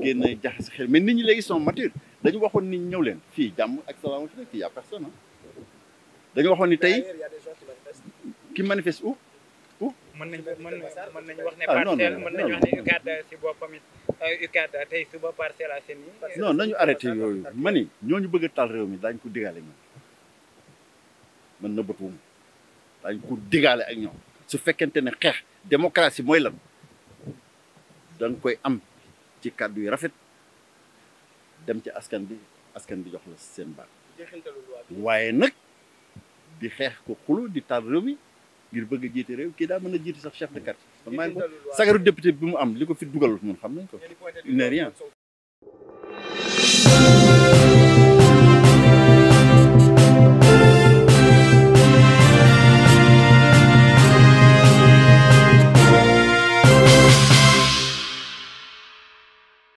génn jaxase xel mais nit ñi léegi soo matures dañu waxoon ni ñi ñëw leen fii jàmm ak salaam fi nekk fii a personne dañu waxoon ni tey ki manifeste où où. mën nañu mën nañu wax mën nañu wax ne ah, UCAD si boppam it euh, tey suba Parcelles Assainies non nañu arrêté yooyu ma ñoo ñu bëgg a taal réew mi daañu ko digaale man man na bëtuwum daañu ko digaale ak ñoom su fekkente ne xeex démocratie mooy lan da koy am. ci kàddu yu rafet dem ci askan bi askan bi jox la seen baat waaye nag di xeex ko xulu di taal réew mi ngir bëgg a jiite réew kii daa mën a jiite sax chef de quartier man maa sagaru député bi mu am li ko fi dugal ñun xam nañ ko il rien